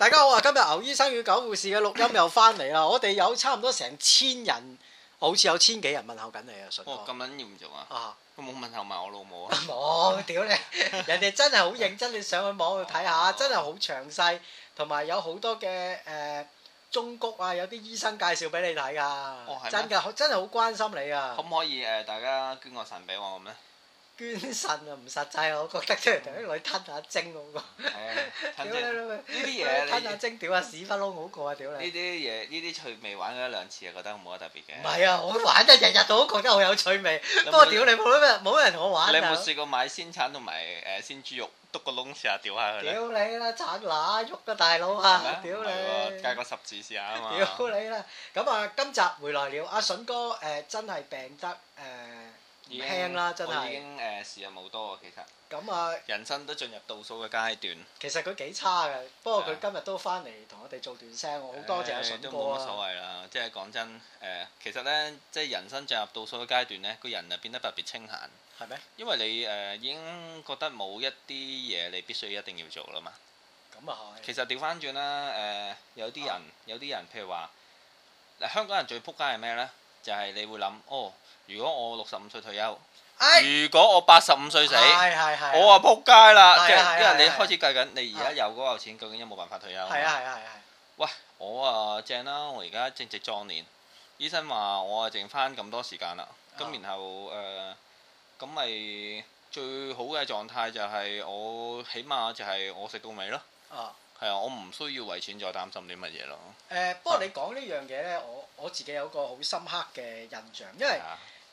大家好啊！今日牛醫生與狗護士嘅錄音又翻嚟啦！ 我哋有差唔多成千人，好似有千幾人問候緊你啊！順？我咁撚嚴重啊！我冇、啊、問候埋我老母啊！冇屌、啊、你！ 人哋真係好認真，你上去網去睇下， 真係好詳細，同埋有好多嘅誒忠告啊！有啲醫生介紹俾你睇㗎，哦，真㗎，真係好關心你啊！可唔可以誒、呃？大家捐個神俾我咁咧？捐腎啊，唔實際，我覺得即係同啲女吞下精好過。係啊，吞精呢啲嘢嚟吞下精，屌下屎忽窿好過啊！屌你！呢啲嘢，呢啲趣味玩咗一兩次啊，覺得冇乜特別嘅。唔係啊，我玩得日日都覺得好有趣味，不過屌你冇乜冇乜人同我玩。你有冇試過買鮮橙同埋誒鮮豬肉篤個窿試下屌下佢？屌你啦，拆爛喐啊，大佬啊！屌你！界個十字試下啊嘛！屌你啦！咁啊，今集回來了，阿筍哥誒真係病得誒～輕啦，真係。我已經誒、呃、時日冇多，其實。咁啊、嗯。人生都進入倒數嘅階段。其實佢幾差嘅，是的 不過佢今日都翻嚟同我哋做段聲，的我好多謝阿順哥。都冇乜所謂啦，即係講真誒、呃，其實咧，即係人生進入倒數嘅階段咧，個人就變得特別清閒。係咩嗎？因為你誒、呃、已經覺得冇一啲嘢你必須一定要做啦嘛。咁啊係。嗯、其實調翻轉啦，誒、呃、有啲人有啲人，人，人，譬如話嗱，香港人最撲街係咩咧？就係、是、你會諗哦。哦如果我六十五歲退休，如果我八十五歲死，我啊撲街啦！即係因為你開始計緊，你而家有嗰嚿錢，究竟有冇辦法退休？係啊係啊係啊！喂，我啊正啦，我而家正值壯年，醫生話我啊剩翻咁多時間啦。咁然後誒，咁咪最好嘅狀態就係我起碼就係我食到尾咯。啊，係啊，我唔需要為錢再擔心啲乜嘢咯。誒，不過你講呢樣嘢咧，我我自己有個好深刻嘅印象，因為。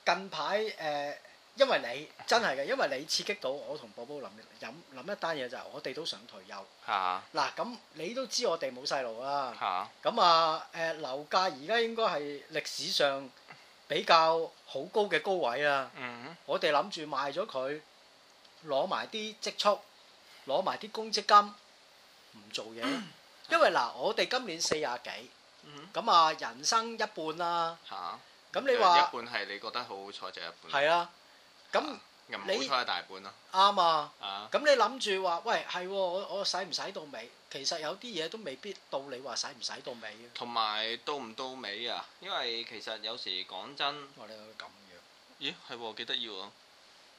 近排誒，因為你真係嘅，因為你刺激到我同波波諗諗諗一單嘢就係我哋都想退休。嚇！嗱咁你都知我哋冇細路啦。嚇！咁啊誒樓價而家應該係歷史上比較好高嘅高位啦。嗯。我哋諗住賣咗佢，攞埋啲積蓄，攞埋啲公積金，唔做嘢。因為嗱，我哋今年四廿幾。嗯哼。咁啊，人生一半啦。嚇！咁你話一半係你覺得好好彩就一半，係啊。咁唔好彩係一大半咯。啱啊。咁、啊、你諗住話，喂，係喎、啊，我我使唔使到尾？其實有啲嘢都未必到你話使唔使到尾同埋到唔到尾啊？因為其實有時講真，我哋咁樣。咦，係喎、啊，幾得意喎！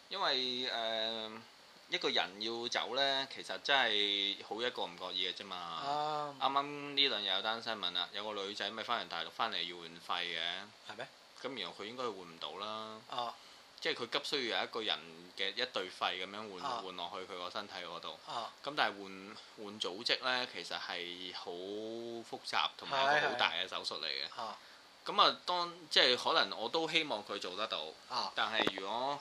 因為誒、呃，一個人要走呢，其實真係好一個唔覺意嘅啫嘛。啱、啊。啱呢輪又有單新聞啊，有個女仔咪翻完大陸翻嚟要換肺嘅，係咩？咁然後佢應該換唔到啦，即係佢急需要有一個人嘅一對肺咁樣換換落去佢個身體嗰度。咁但係換換組織呢，其實係好複雜同埋一個好大嘅手術嚟嘅。咁啊，當即係可能我都希望佢做得到，但係如果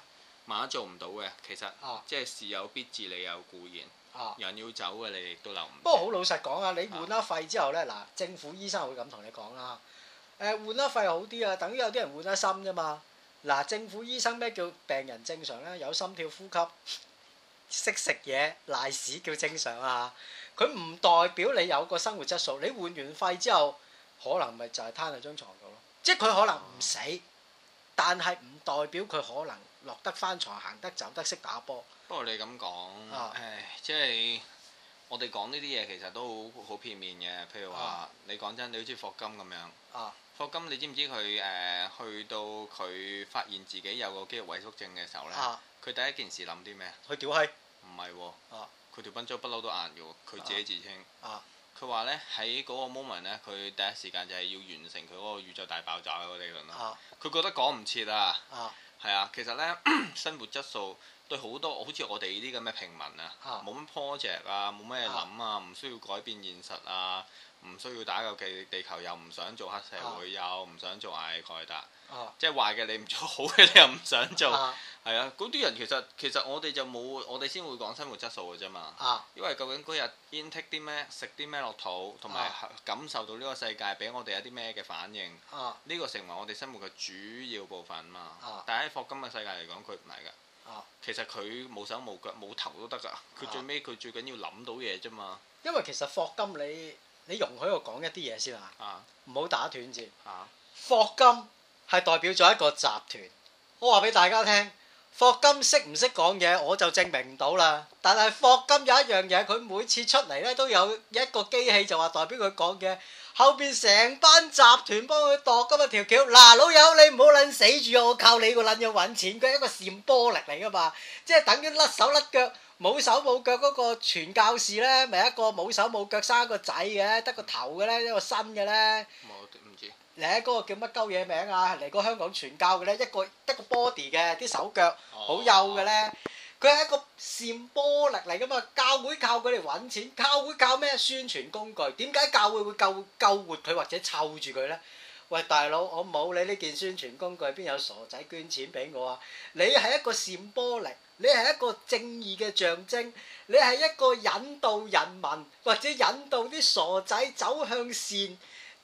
萬一做唔到嘅，其實即係事有必至，理有固然，人要走嘅，你亦都留唔到。不過好老實講啊，你換咗肺之後呢，嗱，政府醫生會咁同你講啦。誒、呃、換得肺好啲啊，等於有啲人換得心啫嘛。嗱、啊，政府醫生咩叫病人正常咧？有心跳、呼吸，識食嘢、瀨屎叫正常啊！佢唔代表你有個生活質素。你換完肺之後，可能咪就係攤喺張床度咯。即係佢可能唔死，嗯、但係唔代表佢可能落得返床，行得走得、得、識打波。不過你咁講，誒，即係我哋講呢啲嘢其實都好好片面嘅。譬如話，啊、你講真，你好似霍金咁樣。啊霍金你知唔知佢誒、呃、去到佢發現自己有個肌肉萎縮症嘅時候咧？佢、啊、第一件事諗啲咩？佢屌閪？唔係喎。佢條賓州不嬲、啊啊、都硬嘅佢自己自稱。啊呢！佢話咧喺嗰個 moment 咧，佢第一時間就係要完成佢嗰個宇宙大爆炸嘅個理論啊。佢覺得講唔切啊。啊！係啊，其實咧 生活質素對好多好似我哋呢啲咁嘅平民啊，冇乜 project 啊，冇乜嘢諗啊，唔需要改變現實啊。唔需要打救地地球，又唔想做黑社會、啊、又唔想做阿爾蓋達，啊、即係壞嘅你唔做，好嘅你又唔想做，係啊！嗰啲人其實其實我哋就冇我哋先會講生活質素嘅啫嘛，啊、因為究竟嗰日飲剔啲咩食啲咩落肚同埋、啊、感受到呢個世界俾我哋有啲咩嘅反應，呢、啊、個成為我哋生活嘅主要部分嘛。啊、但喺霍金嘅世界嚟講，佢唔係㗎。啊、其實佢冇手冇腳冇頭都得㗎，佢最尾佢最緊要諗到嘢啫嘛。因為其實霍金你。你容許我講一啲嘢先啊！唔好打斷住。啊、霍金係代表咗一個集團，我話俾大家聽，霍金識唔識講嘢我就證明唔到啦。但係霍金有一樣嘢，佢每次出嚟咧都有一個機器，就話代表佢講嘅後邊成班集團幫佢度噶嘛條橋。嗱、啊、老友你唔好撚死住我，靠你個撚嘢揾錢，佢係一個扇玻璃嚟噶嘛，即係等於甩手甩腳。冇手冇腳嗰個傳教士咧，咪一個冇手冇腳生一個仔嘅，得個頭嘅咧，一個身嘅咧。冇、嗯，唔知。嚟嗰個叫乜鳩嘢名啊？嚟嗰個香港傳教嘅咧，一個得個 body 嘅，啲手腳好幼嘅咧。佢係一個扇波力嚟噶嘛？教會靠佢嚟揾錢，教會靠咩宣傳工具？點解教會會救救活佢或者湊住佢咧？喂，大佬，我冇你呢件宣傳工具，邊有傻仔捐錢俾我啊？你係一個 symbol，你係一個正義嘅象徵，你係一個引導人民或者引導啲傻仔走向善。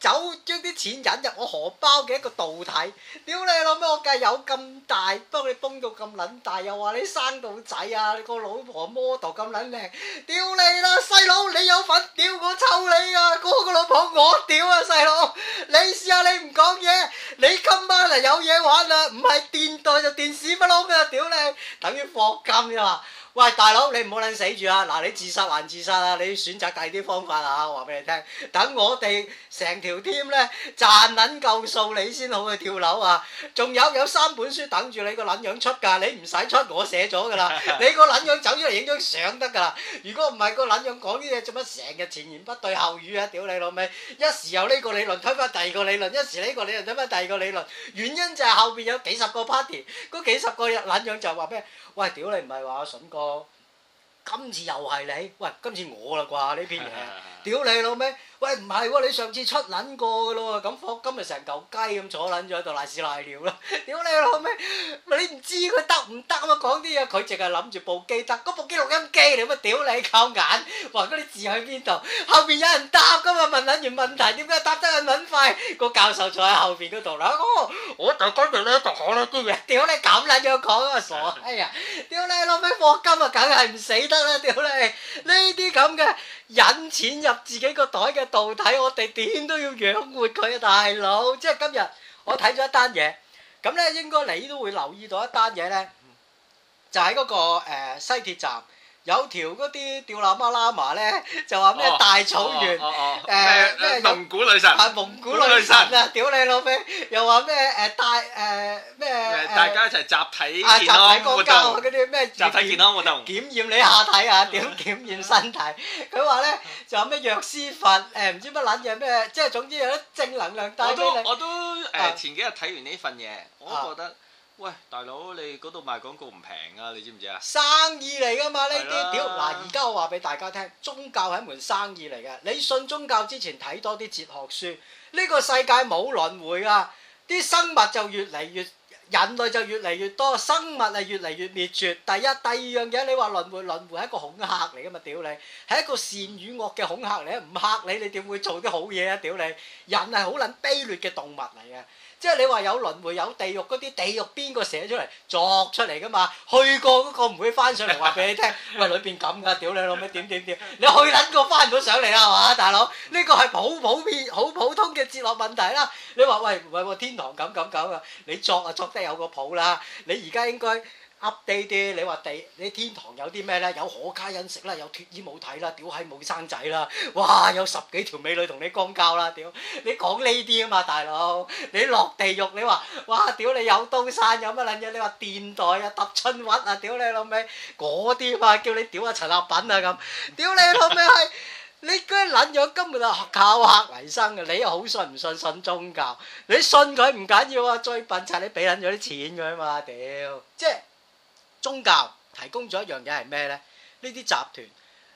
走將啲錢引入我荷包嘅一個導體，屌你老味我計有咁大，不過你崩到咁撚大，又話你生到仔啊，你個老婆 model 咁撚靚，屌你啦細佬，你有份，屌我抽你啊，個個老婆我屌啊細佬，你試下你唔講嘢，你今晚嚟有嘢玩啦，唔係電台就電視不撈嘅，屌你，等於放監啫嘛。喂，大佬，你唔好撚死住啊！嗱，你自殺還自殺啊！你選擇第二啲方法啊！我話俾你聽，等我哋成條 team 咧賺撚夠數，你先好去跳樓啊！仲有有三本書等住你個撚樣出㗎，你唔使出，我寫咗㗎啦！你個撚樣走出嚟影張相得㗎啦！如果唔係個撚樣講啲嘢，做乜成日前言不對後語啊？屌你老味！一時有呢個理論，推翻第二個理論；一時呢個理論，推翻第二個理論。原因就係後邊有幾十個 party，嗰幾十個人撚樣就話咩？喂，屌你唔係話阿筍哥，今次又係你？喂，今次我啦啩呢篇嘢。屌你老味！喂唔係喎，你上次出撚過嘅咯喎，咁霍金咪成嚿雞咁坐撚咗喺度瀨屎瀨尿囉！屌你老味，你唔知佢得唔得啊嘛？講啲嘢佢淨係諗住部機得，嗰部機錄音機嚟咁啊！屌你靠眼，話嗰啲字喺邊度？後邊有人答㗎嘛？問撚完問題點解答得咁撚快？個教授坐喺後邊嗰度啦。我就跟住呢度講呢啲嘅，屌你咁撚樣講啊傻！哎呀，屌你老味，霍金啊梗係唔死得啦！屌你呢啲咁嘅～引錢入自己個袋嘅到底，睇我哋點都要養活佢啊！大佬，即係今日我睇咗一單嘢，咁咧應該你都會留意到一單嘢咧，就喺嗰個誒西鐵站。有條嗰啲吊喇媽喇嘛咧，就話、是、咩大草原，誒咩蒙古女神，係蒙古女神啊！屌你老味，又話咩誒大誒咩大家一齊集體健康，啊，集體活動，集體健康活動，言檢驗你下體啊，點檢驗身體？佢話咧， 就有咩藥師佛誒唔知乜撚嘢咩，即係總之有啲正能量帶嚟。我都我都誒、呃呃、前幾日睇完呢份嘢，我都覺得。啊啊啊啊啊啊。喂，大佬，你嗰度賣廣告唔平啊？你知唔知啊？生意嚟噶嘛呢啲，屌嗱！而家我話俾大家聽，宗教係一門生意嚟嘅。你信宗教之前睇多啲哲學書，呢個世界冇輪迴啊！啲生物就越嚟越，人類就越嚟越多，生物係越嚟越滅絕。第一、第二樣嘢，你話輪迴輪迴係一個恐嚇嚟噶嘛？屌你，係一個善與惡嘅恐嚇嚟，唔嚇你你點會做啲好嘢啊？屌你，人係好撚卑劣嘅動物嚟嘅。即係你話有輪迴，有地獄，嗰啲地獄邊個寫出嚟作出嚟㗎嘛？去過嗰個唔會翻上嚟話俾你聽。 喂，裏邊咁㗎，屌你老味點點點？ 你去過嗰個翻唔到上嚟啦係嘛，大佬？呢個係好普遍、好普通嘅哲學問題啦。你話喂，唔係天堂咁咁咁㗎？你作啊，作得有個譜啦。你而家應該。update 啲，你話地你天堂有啲咩咧？有可卡因食啦，有脫衣舞睇啦，屌閪冇生仔啦，哇！有十幾條美女同你光交啦，屌！你講呢啲啊嘛，大佬！你落地獄你話，哇！屌你有刀山有乜撚嘢？你話電袋啊、揼春揾啊，屌你老味！嗰啲嘛叫你屌啊陳立品啊咁，屌你老味係你嗰啲撚樣根本就靠嚇為生嘅，你又好信唔信信宗教？你信佢唔緊要啊，最笨柒你俾撚樣啲錢㗎嘛，屌！即係。宗教提供咗一樣嘢係咩呢？呢啲集團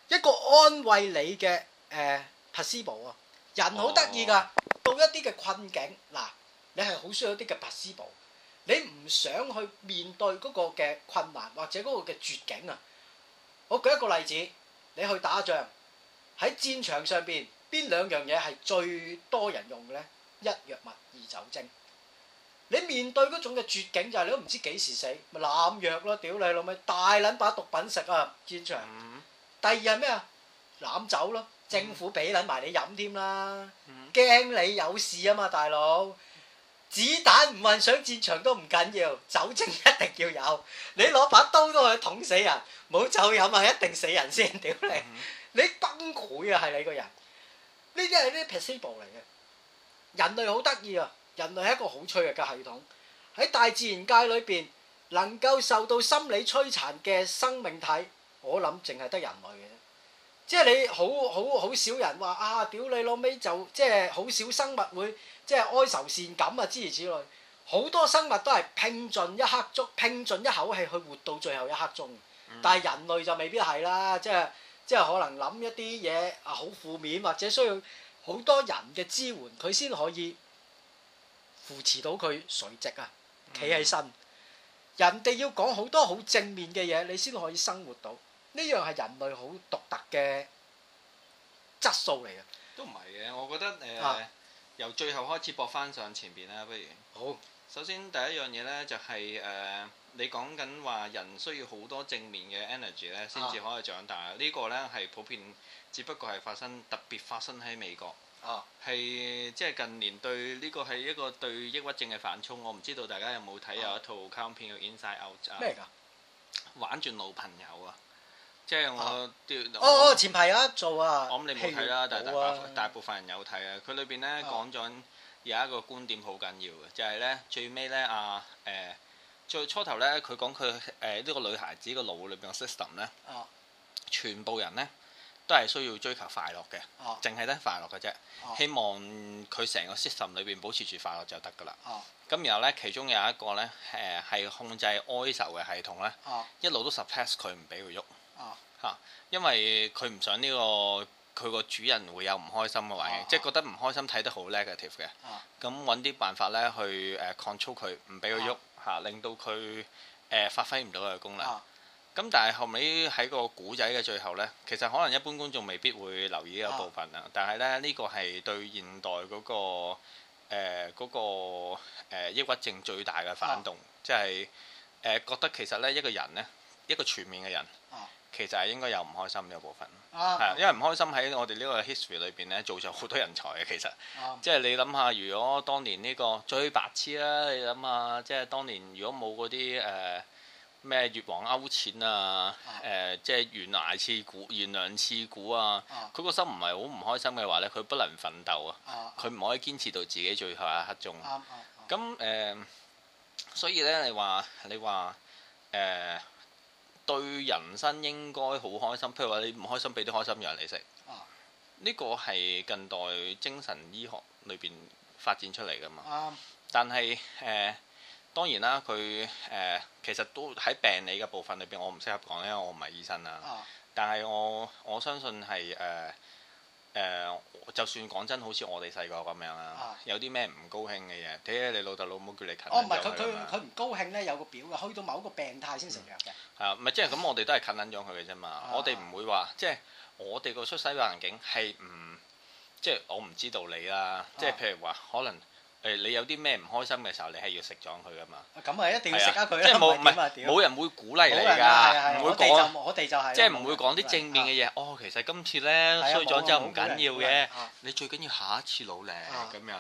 一個安慰你嘅誒 placebo 啊，人好得意噶，哦、到一啲嘅困境，嗱，你係好需要一啲嘅 placebo。你唔想去面對嗰個嘅困難或者嗰個嘅絕境啊。我舉一個例子，你去打仗喺戰場上邊，邊兩樣嘢係最多人用嘅呢？一藥物，二酒精。你面對嗰種嘅絕境就係你都唔知幾時死，咪濫藥咯，屌你老味，大撚把毒品食啊，戰場。嗯、第二係咩啊？濫酒咯，政府俾撚埋你飲添啦，驚、嗯、你有事啊嘛，大佬。子彈唔運上戰場都唔緊要，酒精一定要有。你攞把刀都可以捅死人，冇酒飲啊，一定死人先，屌你！嗯、你崩潰啊，係你個人。呢啲係啲 principle 嚟嘅，人類好得意啊！人類係一個好脆弱嘅系統，喺大自然界裏邊能夠受到心理摧殘嘅生命體，我諗淨係得人類嘅。即係你好好好少人話啊！屌你，老味就即係好少生物會即係哀愁善感啊，諸如此類。好多生物都係拼盡一刻鐘，拼盡一口氣去活到最後一刻鐘。但係人類就未必係啦，即係即係可能諗一啲嘢啊，好負面，或者需要好多人嘅支援，佢先可以。扶持到佢垂直啊，企起身，嗯、人哋要講好多好正面嘅嘢，你先可以生活到。呢樣係人類好獨特嘅質素嚟嘅。都唔係嘅，我覺得誒，呃啊、由最後開始搏翻上前邊啦，不如。好，首先第一樣嘢咧就係、是、誒、呃，你講緊話人需要好多正面嘅 energy 咧，先至可以長大。啊、個呢個咧係普遍，只不過係發生特別發生喺美國。啊，係即係近年對呢個係一個對抑鬱症嘅反衝，我唔知道大家有冇睇有一套卡通片叫 Inside Out 咩㗎？玩轉腦朋友啊，即係我哦，前排有一做啊，我諗你冇睇啦，但係大大部分人有睇啊。佢裏邊咧講咗有一個觀點好緊要嘅，就係咧最尾咧啊誒，最初頭咧佢講佢誒呢個女孩子個腦裏邊個 system 咧，全部人咧。都係需要追求快樂嘅，淨係得快樂嘅啫。希望佢成個 system 裏邊保持住快樂就得㗎啦。咁、啊、然後呢，其中有一個呢誒係、呃、控制哀愁嘅系統呢、啊、一路都 suppress 佢，唔俾佢喐。嚇、啊啊，因為佢唔想呢、呢個佢個主人會有唔開心嘅位，啊、即係覺得唔開心睇得好 negative 嘅。咁揾啲辦法呢去誒 control 佢，唔俾佢喐嚇，令到佢誒、呃呃、發揮唔到佢嘅功能。咁但係後尾喺個古仔嘅最後呢，其實可能一般觀眾未必會留意呢個部分啦。啊、但係咧，呢、呢個係對現代嗰、嗰個誒嗰、呃嗰個呃、抑鬱症最大嘅反動，即係誒覺得其實呢，一個人呢，一個全面嘅人，啊、其實係應該有唔開心呢個部分。係、啊、因為唔開心喺我哋呢個 history 裏邊呢，做咗好多人才嘅其實。即係、啊、你諗下，如果當年呢、呢個最白痴啦、啊，你諗下，即、就、係、是、當年如果冇嗰啲誒。呃咩越王勾踐啊，誒即係懸崖刺股、懸梁刺股啊，佢個、啊、心唔係好唔開心嘅話咧，佢不能奮鬥啊，佢唔、啊、可以堅持到自己最後一刻鐘。咁誒、啊啊呃，所以咧你話你話誒、呃、對人生應該好開心，譬如話你唔開心，俾啲開心藥你食。呢個係近代精神醫學裏邊發展出嚟㗎嘛？但係誒。啊啊啊啊啊當然啦，佢誒其實都喺病理嘅部分裏邊，我唔適合講咧，因為我唔係醫生啦。但係我我相信係誒誒，就算講真，好似我哋細個咁樣啊，有啲咩唔高興嘅嘢，睇下你老豆老母叫你近。哦，唔係佢佢佢唔高興咧，有個表嘅，去到某一個病態先成藥嘅。係啊，唔係即係咁，我哋都係近撚咗佢嘅啫嘛。我哋唔會話即係我哋個出世環境係唔即係我唔知道你啦。即係譬如話可能。你有啲咩唔開心嘅時候，你係要食咗佢噶嘛？咁啊，一定要食啊佢，因為點啊？冇人會鼓勵你㗎，唔會講。我哋就係即係唔會講啲正面嘅嘢。哦，其實今次咧衰咗就唔緊要嘅，你最緊要下一次努力咁樣。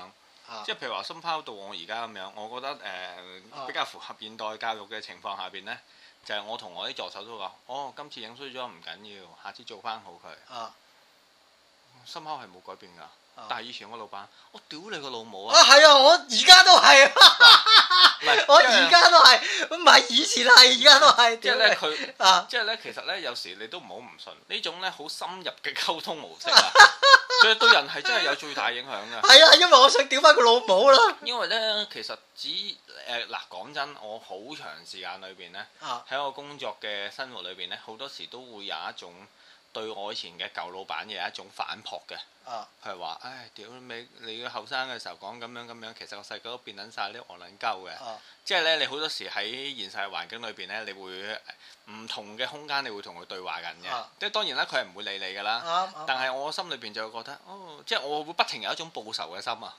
即係譬如話深拋到我而家咁樣，我覺得誒比較符合現代教育嘅情況下邊咧，就係我同我啲助手都講，哦，今次影衰咗唔緊要，下次做翻好佢。啊，深拋係冇改變㗎。但係以前個老闆，我屌你個老母啊！啊係啊，我而家都係， 啊、我而家都係，唔係 以前啦，而家都係。 呢啊、即係咧佢，即係咧其實咧，有時你都唔好唔信種呢種咧好深入嘅溝通模式啊，對 對人係真係有最大影響嘅。係啊，因為我想屌翻個老母啦。因為咧，其實只誒嗱，講、呃、真，我好長時間裏邊咧，喺我工作嘅生活裏邊咧，好多時都會有一種對我以前嘅舊老闆嘅一種反撲嘅。啊！佢話，唉，屌你！你個後生嘅時候講咁樣咁樣，其實個世界都變撚晒啲惡撚鳩嘅。即係咧，你好多時喺現實環境裏邊咧，你會唔同嘅空間，你會同佢對話緊嘅。即係當然啦，佢係唔會理你㗎啦。但係我心裏邊就會覺得，哦，即係我會不停有一種報仇嘅心啊！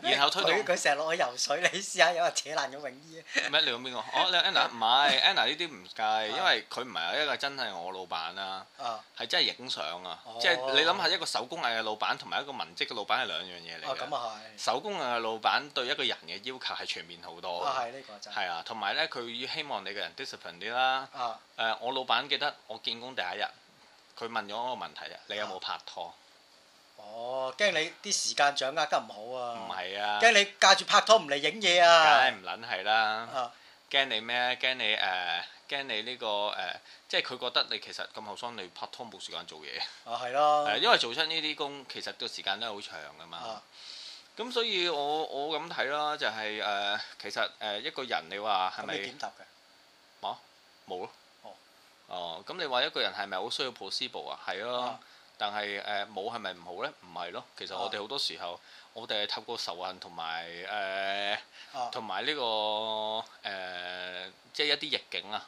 然後推到佢，成日落去游水，你試下有冇扯爛咗泳衣。你講邊個？哦，你 Anna？唔係 Anna 呢啲唔計，因為佢唔係一個真係我老闆啊！係真係影相啊！即係你諗下一個手工藝嘅老闆同埋一個文職嘅老闆係兩樣嘢嚟嘅。手工人嘅老闆對一個人嘅要求係全面好多。係呢個係啊，同埋咧，佢要希望你嘅人 discipline 啲啦。啊、呃，我老闆記得我見工第一日，佢問咗我個問題啊，你有冇拍拖？啊、哦，驚你啲時間掌握得唔好啊！唔係啊，驚你架住拍拖唔嚟影嘢啊！梗係唔撚係啦啊。啊，驚你咩？驚你誒。驚你呢、這個誒、呃，即係佢覺得你其實咁後生，你拍拖冇時間做嘢啊，係咯，係因為做出呢啲工，其實個時間都係好長㗎嘛。咁、啊、所以我我咁睇啦，就係誒，其實誒、呃、一個人，你話係咪冇咯。啊、哦、咁、啊、你話一個人係咪好需要 p o s s 啊？係咯，但係誒冇係咪唔好呢？唔係咯，其實我哋好多時候，啊、我哋係透過仇恨同埋誒，同埋呢個誒。呃一啲逆境啊，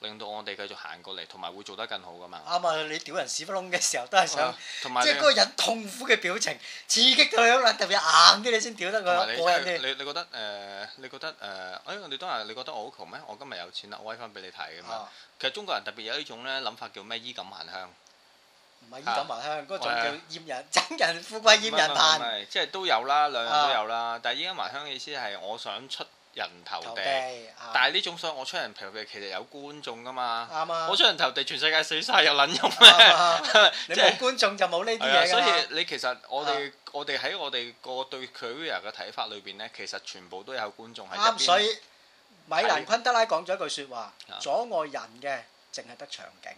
令到我哋繼續行過嚟，同埋會做得更好噶嘛。啱啊！你屌人屎窟窿嘅時候都係想，同埋，即係嗰個人痛苦嘅表情刺激到佢啦，特別硬啲你先屌得佢過癮啲。你你覺得誒？你覺得誒？哎，你都話你覺得我好窮咩？我今日有錢啦，我威翻俾你睇噶嘛！其實中國人特別有一種咧諗法，叫咩？衣錦還鄉。唔係衣錦還鄉，嗰種叫憎人，憎人富貴厭人貧。即係都有啦，兩樣都有啦。但係衣錦還鄉嘅意思係我想出。人頭地，但係呢種，所以我出人頭地其實有觀眾噶嘛。我出人頭地全世界死曬有撚用咩？你冇觀眾就冇呢啲嘢㗎嘛。所以你，其實我哋我哋喺我哋個對 career 嘅睇法裏邊咧，其實全部都有觀眾喺一邊。所以米蘭昆德拉講咗一句説話，阻礙人嘅淨係得場景，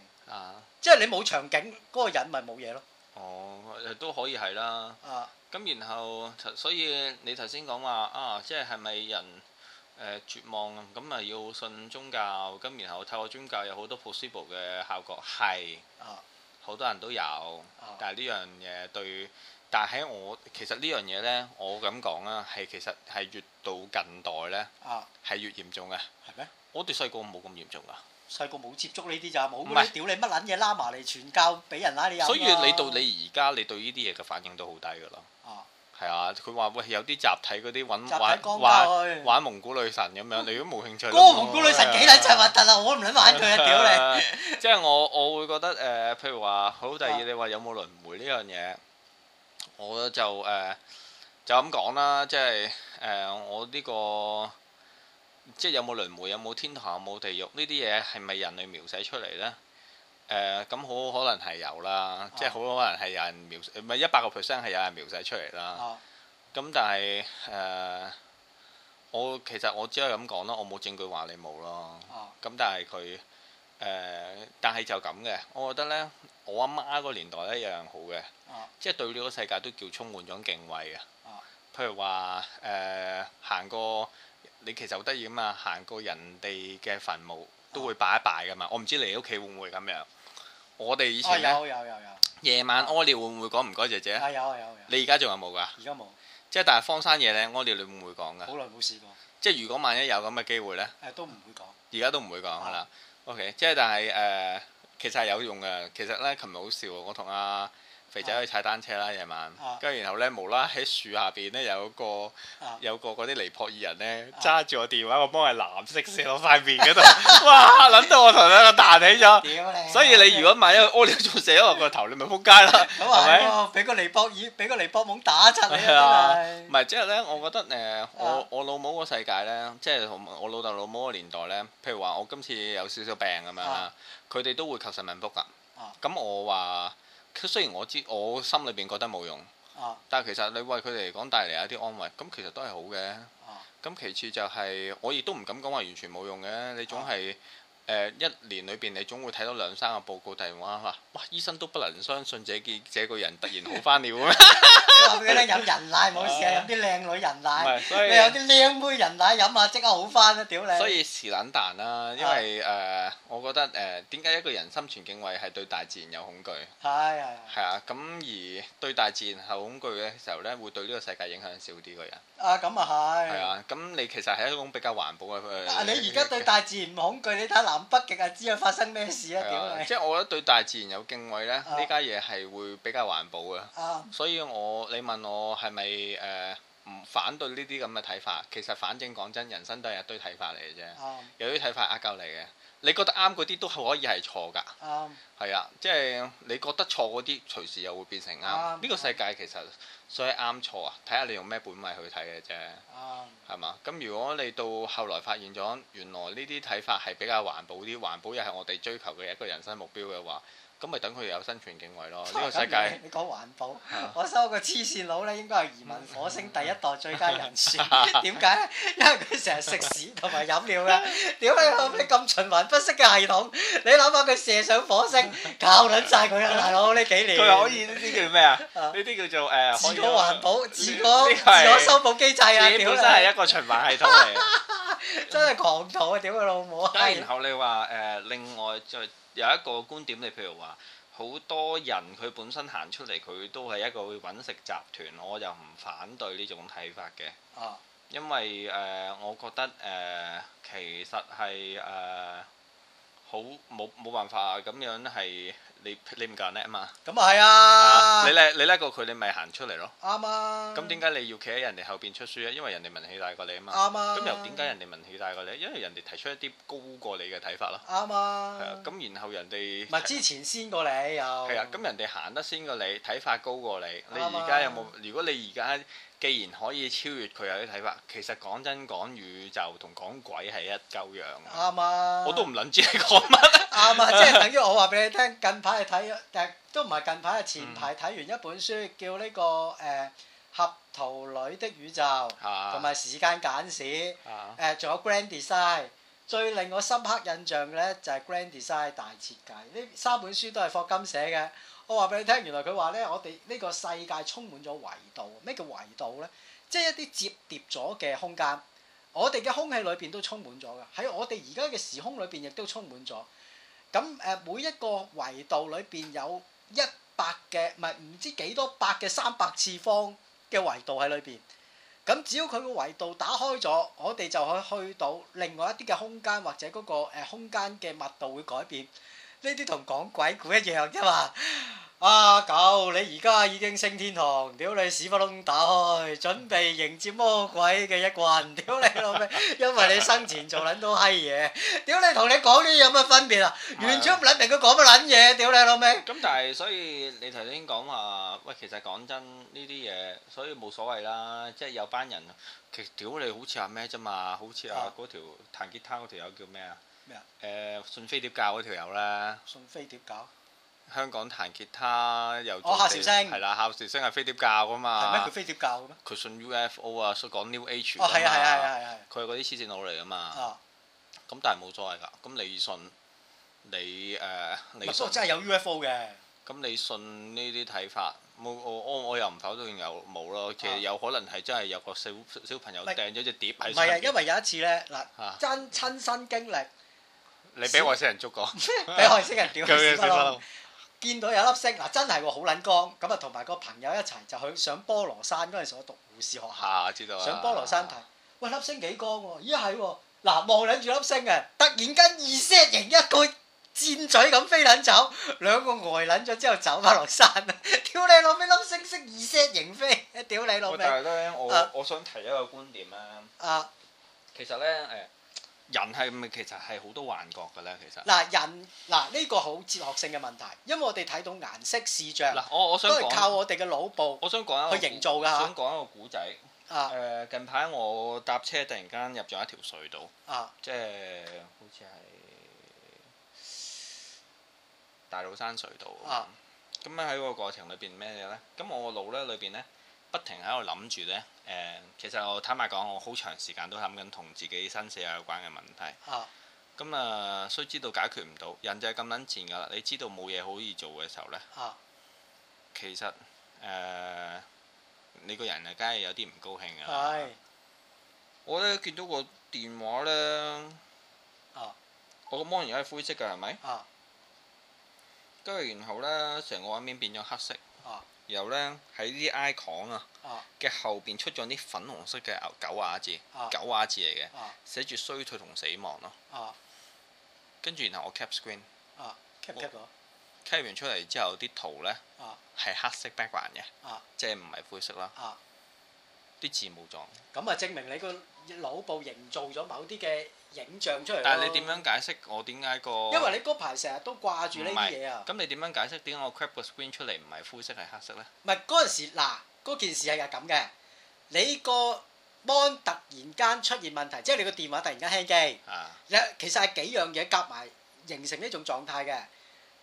即係你冇場景嗰個人咪冇嘢咯。哦，誒都可以係啦。啊，咁然後所以你頭先講話啊，即係係咪人？誒、呃、絕望啊！咁、嗯、啊要信宗教，咁然後透過宗教有好多 possible 嘅效果係，好、啊、多人都有，但係呢樣嘢對，但係喺我其實呢樣嘢呢，我咁講啦，係其實係越到近代呢係、啊、越嚴重嘅。係咩嗎？我對細個冇咁嚴重㗎。細個冇接觸呢啲就冇嗰啲屌你乜撚嘢喇嘛嚟傳教俾人拉你入。所以你到你而家你對呢啲嘢嘅反應都好低㗎啦。係啊，佢話喂，有啲集體嗰啲揾玩玩，玩，玩蒙古女神咁樣，嗯、你都冇興趣。個蒙古女神幾撚邪核突啊！我唔撚玩佢啊！屌你！即係我，我會覺得誒、呃，譬如話好第二，你話有冇輪迴呢樣嘢？我就誒、呃、就咁講啦，即係誒、呃、我呢個即係有冇輪迴，有冇天堂，有冇地獄呢啲嘢係咪人類描寫出嚟呢？誒咁好可能係有啦，啊、即係好可能係有人描述，唔係一百個 percent 係有人描述出嚟啦。咁、啊、但係誒、呃，我其實我只係咁講咯，我冇證據話你冇咯。咁、啊、但係佢誒，但係就咁嘅。我覺得咧，我阿媽嗰年代咧一樣好嘅，啊、即係對呢個世界都叫充滿咗敬畏嘅。啊、譬如話誒、呃，行過你其實好得意噶嘛，行過人哋嘅墳墓都會擺一擺噶嘛。我唔知你屋企會唔會咁樣。我哋以前、啊、有有有有夜晚屙尿會唔會講唔該姐姐？係有有有。有有，你而家仲有冇㗎？而家冇。即係但係荒山野嶺屙尿你會唔會講㗎？好耐冇試過。即係如果萬一有咁嘅機會咧，誒、啊、都唔會講。而家都唔會講係啦。OK，即係但係誒、呃，其實係有用嘅。其實咧，琴日好笑，我同阿、啊。肥仔去踩單車啦，夜晚，跟住然後咧無啦喺樹下邊咧有個有個嗰啲尼泊爾人咧揸住我電話，我幫佢藍色射落塊面嗰度，哇！諗到我頭頂都彈起咗，所以你如果萬一屙尿中射咗落個頭，你咪撲街啦，咁係咪？俾個尼泊爾俾個尼泊爾蒙打一陣你真係。唔係即係咧，我覺得誒，我我老母個世界咧，即係同我老豆老母個年代咧，譬如話我今次有少少病咁樣，佢哋都會求神問福噶，咁我話。佢雖然我知我心裏邊覺得冇用，啊、但係其實你為佢哋嚟講帶嚟一啲安慰，咁其實都係好嘅。咁、啊、其次就係、係、我亦都唔敢講話完全冇用嘅，你總係。啊誒、呃、一年裏邊你總會睇到兩三個報告話，就係哇哇，醫生都不能相信這件這個人突然好返了。 你話俾你聽飲人奶冇事啊？飲啲靚女人奶，你有啲靚妹人奶飲下，即刻好返啊！屌你！所以時冷淡啦，因為誒、呃，我覺得誒點解一個人心存敬畏係對大自然有恐懼。係係。啊，咁而對大自然係恐懼嘅時候咧，會對呢個世界影響少啲嘅人。啊，咁啊係。係啊，咁你其實係一種比較環保嘅。啊、呃！你而家對大自然唔恐懼，你睇。南北極道啊，知啊發生咩事啊？點啊？即係我覺得對大自然有敬畏咧，呢、啊、家嘢係會比較環保嘅。啊、所以我，我你問我係咪誒唔反對呢啲咁嘅睇法？其實，反正講真，人生都係一堆睇法嚟嘅啫。啊、有啲睇法壓夠嚟嘅。你覺得啱嗰啲都可以係錯㗎，係啊、嗯，即係、就是、你覺得錯嗰啲，隨時又會變成啱。呢、嗯、個世界其實所以啱錯啊，睇下你用咩本位去睇嘅啫，係嘛、嗯？咁如果你到後來發現咗，原來呢啲睇法係比較環保啲，環保又係我哋追求嘅一個人生目標嘅話。咁咪等佢有生存敬畏咯，呢、啊、個世界。啊、你講環保，啊、我收個黐線佬呢應該係移民火星第一代最佳人士。點解咧？因為佢成日食屎同埋飲尿嘅。屌你老咩咁循環不息嘅系統？你諗下佢射上火星，搞卵曬佢啊！大佬呢幾年，佢可以呢啲叫咩啊？呢啲叫做誒，如環保，自我自我修補機制啊？點咧？本身係一個循環系統嚟。啊 嗯、真係狂徒啊！屌佢老母，然後你話誒、呃，另外就有一個觀點，你譬如話，好多人佢本身行出嚟，佢都係一個會揾食集團，我又唔反對呢種睇法嘅。啊、因為誒、呃，我覺得誒、呃，其實係誒、呃，好冇冇辦法咁樣係。你你唔夠叻啊嘛？咁啊係啊，你叻你叻過佢，你咪行出嚟咯。啱啊。咁點解你要企喺人哋後邊出書咧？因為人哋名氣大過你啊嘛。啱啊，啊。咁又點解人哋名氣大過你？因為人哋提出一啲高過你嘅睇法咯。啱啊，啊，啊。係啊，咁然後人哋唔之前先過你又。係啊，咁人哋行得先過你，睇法高過你。啊啊你而家有冇？如果你而家。既然可以超越佢有啲睇法，其實講真講宇宙同講鬼係一鳩樣。啱啊吧！我都唔諗住你講乜。啱啊！ 即係等於我話俾你聽，近排係睇誒都唔係近排，係前排睇完一本書、嗯、叫呢、這個誒、呃《合桃裏的宇宙》啊，同埋、啊呃《時間簡史》誒，仲有《Grand Design》。最令我深刻印象嘅咧就係《Grand Design》大設計呢三本書都係霍金寫嘅。我話俾你聽，原來佢話咧，我哋呢個世界充滿咗維度。咩叫維度呢？即係一啲摺疊咗嘅空間。我哋嘅空氣裏邊都充滿咗嘅，喺我哋而家嘅時空裏邊亦都充滿咗。咁每一個維度裏邊有一百嘅，唔係唔知幾多百嘅三百次方嘅維度喺裏邊。咁只要佢個維度打開咗，我哋就可以去到另外一啲嘅空間，或者嗰個誒空間嘅密度會改變。呢啲同講鬼故一樣啫、啊、嘛！啊狗，你而家已經升天堂，屌你屎窟窿打開，準備迎接魔鬼嘅一棍。屌你老味！因為你生前做撚到閪嘢，屌你同你講啲有乜分別啊？完全唔撚明佢講乜撚嘢，屌你老味！咁、嗯、但係所以你頭先講話，喂，其實講真呢啲嘢，所以冇所謂啦。即係有班人，其實屌你好似啊咩啫嘛，好似啊嗰條彈吉他嗰條友叫咩啊？誒信飛碟教嗰條友咧，信飛碟教，飛碟教香港彈吉他又做哦，夏韶聲係啦，夏韶聲係飛碟教噶嘛。係咩？佢飛碟教咩？佢信 UFO 啊，所以講 New Age。哦，係啊，係啊，係啊，係啊。佢係嗰啲黐線佬嚟啊嘛。啊、哦，咁但係冇所謂㗎。咁你信你誒？唔係，真係有 UFO 嘅。咁你信呢啲睇法？冇，我我，我又唔否認有冇咯。其實有可能係真係有個小小朋友掟咗隻碟。喺度唔係啊，因為有一次咧嗱，真親身經歷。你俾外星人捉過？俾 外星人屌死 見到有粒星嗱， 真係喎好撚光咁啊！同埋個朋友一齊就去上菠蘿山嗰陣時，我讀護士學校，啊、知道上菠蘿山睇，啊、喂粒星幾光喎、啊？咦係喎！嗱望撚住粒星啊，突然間 Z 形一個箭嘴咁飛撚走，兩個呆撚咗之後走翻落山 星星啊！屌你老味粒星識 Z 形飛，屌你老味！但係咧，我我想提一個觀點咧。啊，其實咧誒。啊人係咪其實係好多幻覺嘅咧？其實嗱，人嗱呢個好哲學性嘅問題，因為我哋睇到顏色視像嗱，我我想講都係靠我哋嘅腦部，我想講去營造嘅。我想講一個古仔啊，誒、呃、近排我搭車突然間入咗一條隧道啊，即係好似係大老山隧道啊。咁樣喺個過程裏邊咩嘢咧？咁我腦咧裏邊咧不停喺度諗住咧。誒、呃，其實我坦白講，我好長時間都諗緊同自己生死有關嘅問題。啊！咁啊、嗯，雖、呃、知道解決唔到，人就係咁撚賤㗎啦。你知道冇嘢可以做嘅時候呢，啊、其實誒、呃，你個人啊，梗係有啲唔高興啊。我呢，見到個電話呢，啊，我個芒而家係灰色㗎，係咪？跟住、啊、然後呢，成個畫面變咗黑色。然後咧，喺呢啲 icon 啊嘅後邊出咗啲粉紅色嘅九亞字，啊、九亞字嚟嘅，寫住、啊、衰退同死亡咯。跟住、啊、然後我 cap screen, cap cap 咗，cap 完出嚟之後啲圖咧係、啊、黑色 background 嘅，啊、即係唔係灰色啦，啲字冇撞。咁啊，就證明你個腦部營造咗某啲嘅。影像出嚟，但係你點樣解釋我點解個？因為你嗰排成日都掛住呢啲嘢啊！咁西你點樣解釋點解我 grab 個 screen 出嚟唔係灰色係黑色咧？唔係嗰陣時嗱，嗰件事係係咁嘅。你個 mon 突然間出現問題，即係你個電話突然間 hang 機。啊！有其實係幾樣嘢夾埋形成呢種狀態嘅。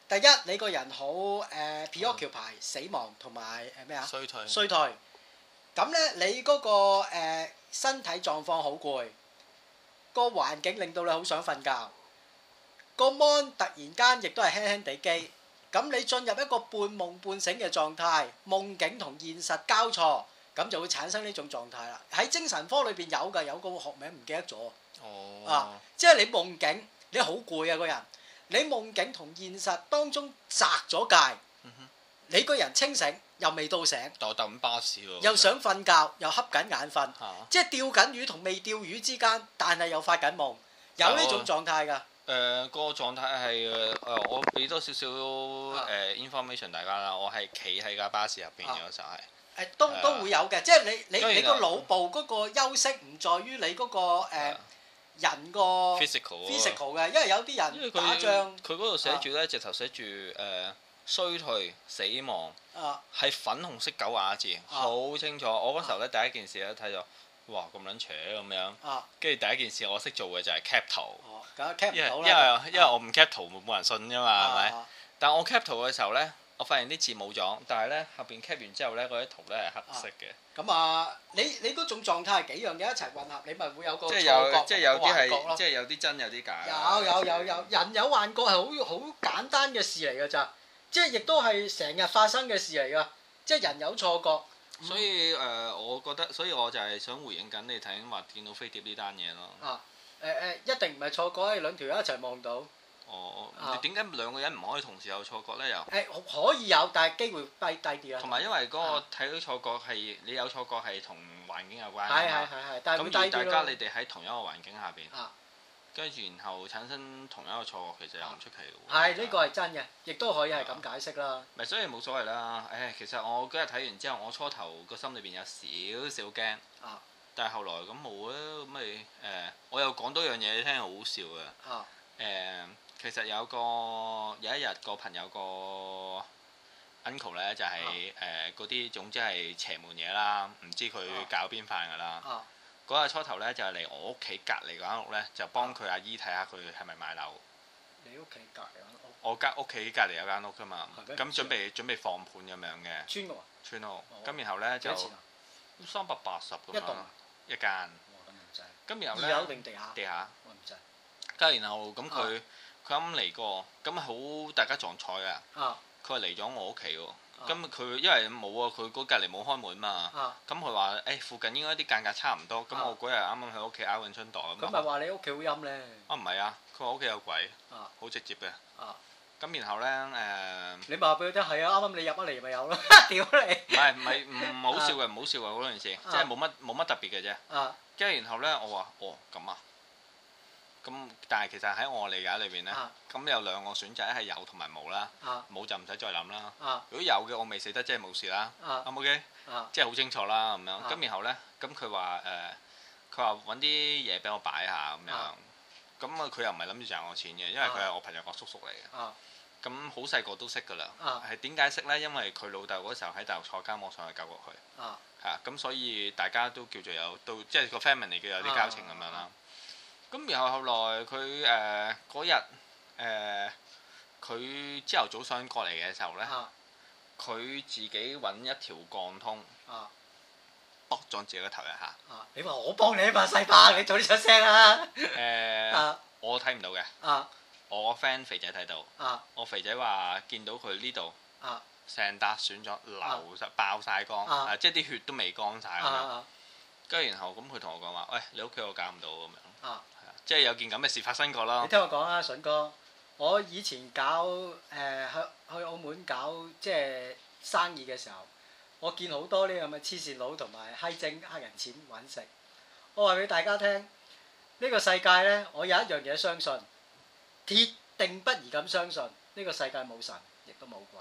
第一，你個人好誒 Pierce 橋牌死亡同埋誒咩啊？衰退。衰退。咁咧，你嗰、嗰個、呃、身體狀況好攰。個環境令到你好想瞓覺，個 mon 突然間亦都係輕輕地機，咁你進入一個半夢半醒嘅狀態，夢境同現實交錯，咁就會產生呢種狀態啦。喺精神科裏邊有噶，有個學名唔記得咗。啊，即係你夢境，你好攰啊個人，你夢境同現實當中窄咗界，你個人清醒。又未到醒，又搭巴士又想瞓覺，又瞌緊眼瞓，即係釣緊魚同未釣魚之間，但係又發緊夢，有呢種狀態㗎。誒，個狀態係誒，我俾多少少誒 information 大家啦。我係企喺架巴士入邊嗰時候係誒，都都會有嘅。即係你你你個腦部嗰個休息唔在於你嗰個人個 physical physical 嘅，因為有啲人打仗，佢嗰度寫住咧，直頭寫住誒。衰退、死亡，係粉紅色九亞字，好清楚。我嗰時候咧，第一件事咧睇咗，哇咁撚扯咁樣，跟住第一件事我識做嘅就係 cap 圖。咁 cap 因為因為我唔 cap 圖冇冇人信㗎嘛，係咪？但我 cap 圖嘅時候咧，我發現啲字冇咗，但係咧後邊 cap 完之後咧，嗰啲圖咧係黑色嘅。咁啊，你你嗰種狀態係幾樣嘢一齊混合，你咪會有個錯覺幻覺咯。即係有啲真有啲假。有有有有，人有幻覺係好好簡單嘅事嚟㗎咋。即係亦都係成日發生嘅事嚟噶，即係人有錯覺。嗯、所以誒、呃，我覺得所以我就係想回應緊你睇，頭先話見到飛碟呢單嘢咯。啊，誒、呃、誒，一定唔係錯覺，兩條友一齊望到。哦，點解、啊、兩個人唔可以同時有錯覺咧？又誒、呃、可以有，但係機會低低啲啦。同埋因為嗰個睇到錯覺係、啊、你有錯覺係同環境有關。係係係係。咁、啊啊啊啊、但係大家你哋喺同一個環境下邊，啊啊跟住然後產生同一個錯覺，其實又唔出奇嘅喎。呢、啊啊、個係真嘅，亦都、啊、可以係咁解釋啦。咪所以冇所謂啦。誒、哎，其實我嗰日睇完之後，我初頭個心裏面有少少驚，啊、但係後來咁冇、嗯哎、啊。咁咪誒我又講多樣嘢你聽，又好笑嘅。誒，其實有個有一日個朋友個 uncle 咧，就係誒嗰啲總之係邪門嘢啦，唔知佢搞邊塊㗎啦。嗰日初頭咧就嚟我屋企隔離嗰間屋咧，就幫佢阿姨睇下佢係咪買樓。你屋企隔離間屋？我家屋企隔離有間屋噶嘛，咁準備準備放盤咁樣嘅。村屋？村屋。咁然後咧就，三百八十咁樣，一間。咁然唔制？樓定地下？地下，我唔制。咁然後咁佢佢啱嚟過，咁好大家撞彩啊！佢嚟咗我屋企喎。咁佢因為冇啊，佢嗰隔離冇開門嘛。咁佢話：誒附近應該啲間隔差唔多。咁我嗰日啱啱喺屋企 to 解緊春袋。咁咪話你屋企好陰咧？啊唔係啊，佢話屋企有鬼。啊，好直接嘅。啊，咁然後咧誒。你咪話俾佢聽，係啊，啱啱你入咗嚟咪有咯，屌你！唔係，唔係，唔好笑嘅，唔好笑嘅嗰陣時，即係冇乜冇乜特別嘅啫。跟住然後咧，我話：哦咁啊。咁但係其實喺我理解裏邊呢，咁有兩個選擇，係有同埋冇啦。冇就唔使再諗啦。如果有嘅，我未死得，即係冇事啦。OK？即係好清楚啦，咁樣咁。然後呢，咁佢話誒，佢話揾啲嘢俾我擺下咁樣。咁啊，佢又唔係諗住賺我錢嘅，因為佢係我朋友個叔叔嚟嘅。咁好細個都識噶啦，係點解識呢？因為佢老豆嗰時候喺大陸坐監，我上去救過佢嚇，咁所以大家都叫做有到，即係個 family 嚟嘅，有啲交情咁樣啦。咁然後後來佢誒嗰日誒佢朝頭早上過嚟嘅時候咧，佢自己揾一條鋼通，撞咗自己個頭一下。你話我幫你問細伯，你早啲出聲啊！誒，我睇唔到嘅。我個 friend 肥仔睇到，我肥仔話見到佢呢度成笪損咗，流晒，爆晒光，即係啲血都未乾晒咁樣。跟住然後咁佢同我講話：喂，你屋企我搞唔到咁樣。即係有件咁嘅事發生過咯。你聽我講啊，筍哥，我以前搞誒、呃、去去澳門搞即係生意嘅時候，我見好多呢咁嘅黐線佬同埋閪精黑人錢揾食。我話俾大家聽，呢、這個世界呢，我有一樣嘢相信，鐵定不如咁相信，呢、這個世界冇神亦都冇鬼。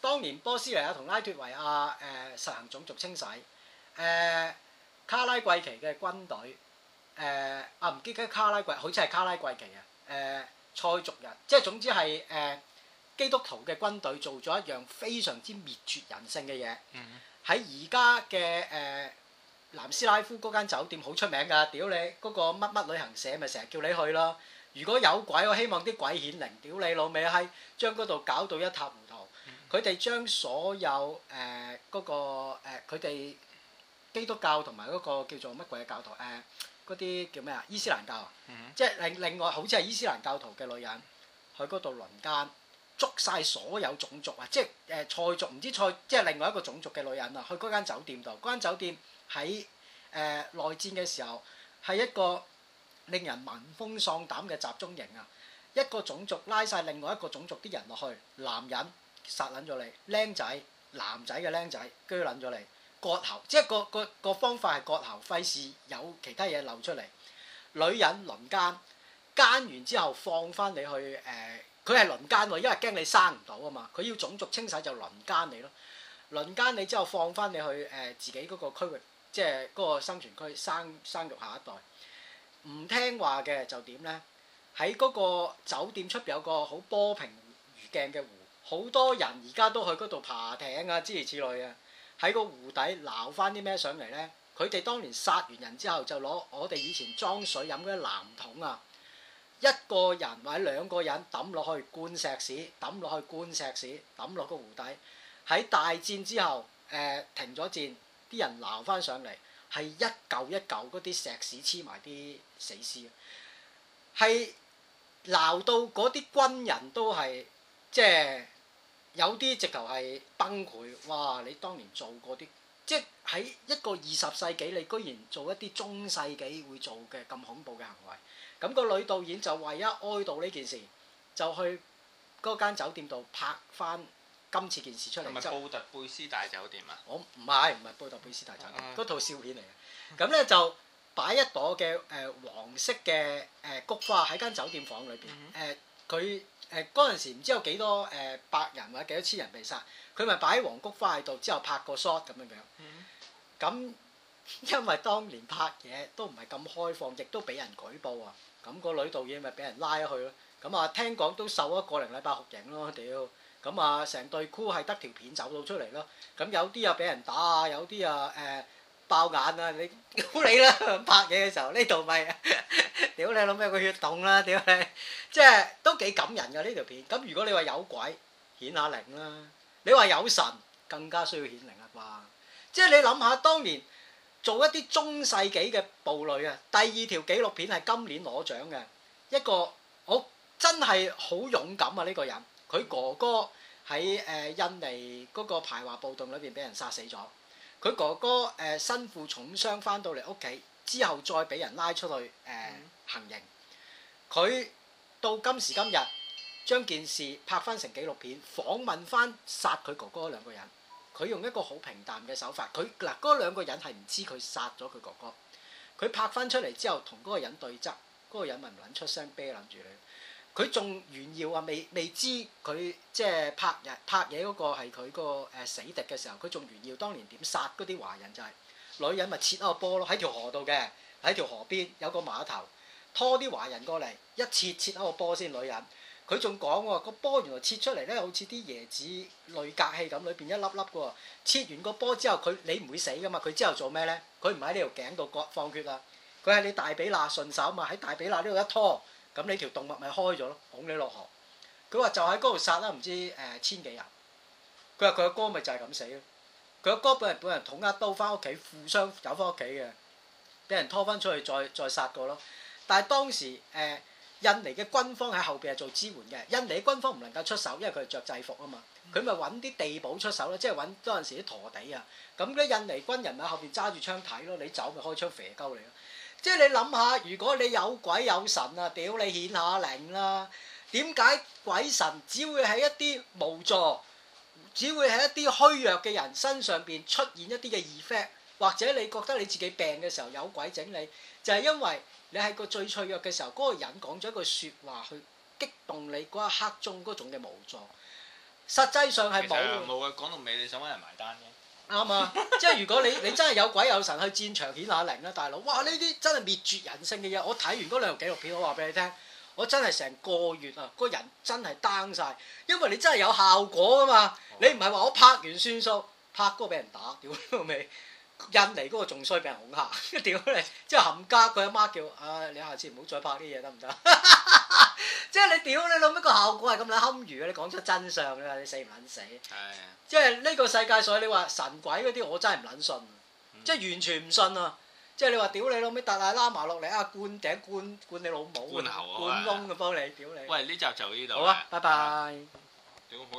當年波斯尼亞同拉脱維亞誒、呃、實行種族清洗，誒、呃、卡拉季奇嘅軍隊誒、呃、啊唔記得卡拉季好似係卡拉季奇啊，誒塞族人，即係總之係誒、呃、基督徒嘅軍隊做咗一樣非常之滅絕人性嘅嘢。喺而家嘅誒南斯拉夫嗰間酒店好出名㗎，屌你嗰、那個乜乜旅行社咪成日叫你去咯。如果有鬼，我希望啲鬼顯靈，屌你老味，閪，將嗰度搞到一塌糊。佢哋將所有誒嗰、呃那個佢哋、呃、基督教同埋嗰個叫做乜鬼嘅教徒誒，嗰、呃、啲叫咩啊？伊斯蘭教，即係另另外好似係伊斯蘭教徒嘅女人去嗰度輪奸，捉晒所有種族啊！即係誒塞族唔知塞，即係另外一個種族嘅女人啊，去嗰間酒店度。嗰間酒店喺誒、呃、內戰嘅時候係一個令人聞風喪膽嘅集中營啊！一個種族拉晒另外一個種族啲人落去，男人。殺撚咗你，僆仔男仔嘅僆仔，拘撚咗你，割喉，即係個個個方法係割喉，費事有其他嘢漏出嚟。女人輪奸，奸完之後放翻你去誒，佢、呃、係輪奸喎，因為驚你生唔到啊嘛，佢要種族清洗就輪奸你咯。輪奸你之後放翻你去誒、呃、自己嗰個區域，即係嗰個生存區生生育下一代。唔聽話嘅就點咧？喺嗰個酒店出邊有個好波平如鏡嘅湖。好多人而家都去嗰度爬艇啊，諸如此類啊，喺個湖底撈翻啲咩上嚟呢？佢哋當年殺完人之後，就攞我哋以前裝水飲嗰啲藍桶啊，一個人或者兩個人抌落去灌石屎，抌落去灌石屎，抌落個湖底。喺大戰之後，誒、呃、停咗戰，啲人撈翻上嚟，係一嚿一嚿嗰啲石屎黐埋啲死屍，係撈到嗰啲軍人都係即係。有啲直頭係崩潰，哇！你當年做過啲，即係喺一個二十世紀，你居然做一啲中世紀會做嘅咁恐怖嘅行為。咁、那個女導演就唯一哀悼呢件事，就去嗰間酒店度拍翻今次件事出嚟。係咪布達佩斯大酒店啊？我唔係，唔係布達佩斯大酒店，嗰、啊、套笑片嚟嘅。咁咧就擺一朵嘅誒、呃、黃色嘅誒、呃、菊花喺間酒店房裏邊，誒、呃、佢。誒，嗰陣時唔知有幾多誒百人或者幾多千人被殺，佢咪擺喺黃菊花喺度之後拍個 shot 咁樣樣。咁因為當年拍嘢都唔係咁開放，亦都俾人舉報啊。咁個女導演咪俾人拉咗去咯。咁啊聽講都受咗個零禮拜酷刑咯，屌！咁啊成隊 crew 係得條片走到出嚟咯。咁有啲啊俾人打啊，有啲啊誒。欸爆眼啦、啊，你屌你啦拍嘢嘅時候，呢度咪屌你諗咩個血洞啦、啊，屌 你！即係都幾感人噶呢條片。咁如果你話有鬼，顯下靈啦；你話有神，更加需要顯靈啦啩。即、就、係、是、你諗下，當年做一啲中世紀嘅暴女啊，第二條紀錄片係今年攞獎嘅一個，我真係好勇敢啊呢、這個人。佢哥哥喺誒、呃、印尼嗰個排華暴動裏邊俾人殺死咗。佢哥哥誒、呃、身負重傷翻到嚟屋企之後，再俾人拉出去誒、呃、行刑。佢到今時今日將件事拍翻成紀錄片，訪問翻殺佢哥哥嗰兩個人。佢用一個好平淡嘅手法，佢嗱嗰兩個人係唔知佢殺咗佢哥哥。佢拍翻出嚟之後，同嗰個人對質，嗰、嗰個人聞唔聞出聲啤諗住你。佢仲炫耀啊，未未知佢即係拍人拍嘢嗰個係佢個誒死敵嘅時候，佢仲炫耀當年點殺嗰啲華人就係、是、女人咪切開個波咯，喺條河度嘅，喺條河邊有個碼頭，拖啲華人過嚟，一切切開個波先。女人佢仲講喎，個波、哦、原來切出嚟咧，好似啲椰子類隔氣咁，裏邊一粒粒嘅。切完個波之後，佢你唔會死噶嘛？佢之後做咩咧？佢唔喺呢條頸度割放血啊，佢喺你大髀罅順手啊嘛，喺大髀罅呢度一拖。咁你條動物咪開咗咯，拱你落河。佢話就喺嗰度殺啦，唔知誒、呃、千幾人。佢話佢個哥咪就係咁死咯。佢個哥，哥本來本人捅一刀翻屋企，負傷走翻屋企嘅，俾人拖翻出去再再殺過咯。但係當時誒、呃、印尼嘅軍方喺後邊係做支援嘅，印尼軍方唔能夠出手，因為佢係着制服啊嘛。佢咪揾啲地保出手咯，即係揾當陣時啲陀地啊。咁啲印尼軍人喺後邊揸住槍睇咯，你走咪開槍射鳩你咯。即係你諗下，如果你有鬼有神啊，屌你顯下靈啦！點解鬼神只會喺一啲無助，只會喺一啲虛弱嘅人身上邊出現一啲嘅 effect，或者你覺得你自己病嘅時候有鬼整你，就係、是、因為你喺個最脆弱嘅時候，嗰、那個人講咗一句説話去激動你嗰一刻中嗰種嘅無助。實際上係冇。其實冇啊，講到尾你想揾人埋單嘅。啱啊！即係如果你你真係有鬼有神去戰場顯下靈啦，大佬，哇！呢啲真係滅絕人性嘅嘢。我睇完嗰兩條紀錄片，我話俾你聽，我真係成個月啊，個人真係 down 晒，因為你真係有效果噶嘛。的你唔係話我拍完算數，拍嗰個俾人打，屌你老味！印尼嗰個仲衰，俾人恐嚇，屌你！即係冚家，佢阿媽叫，啊，你下次唔好再拍啲嘢得唔得？行行 即係你屌你老味、這個效果係咁撚堪如啊，你講出真相啦！你，你死唔撚死？係。是的 即係呢個世界，所以你話神鬼嗰啲，我真係唔撚信，即係完全唔信啊！即係你話屌你老味，突下拉埋落嚟啊，灌頂灌灌，灌你老母，灌翁后啊，灌幫你屌你！喂，呢集就呢度。好啊，拜拜，啊。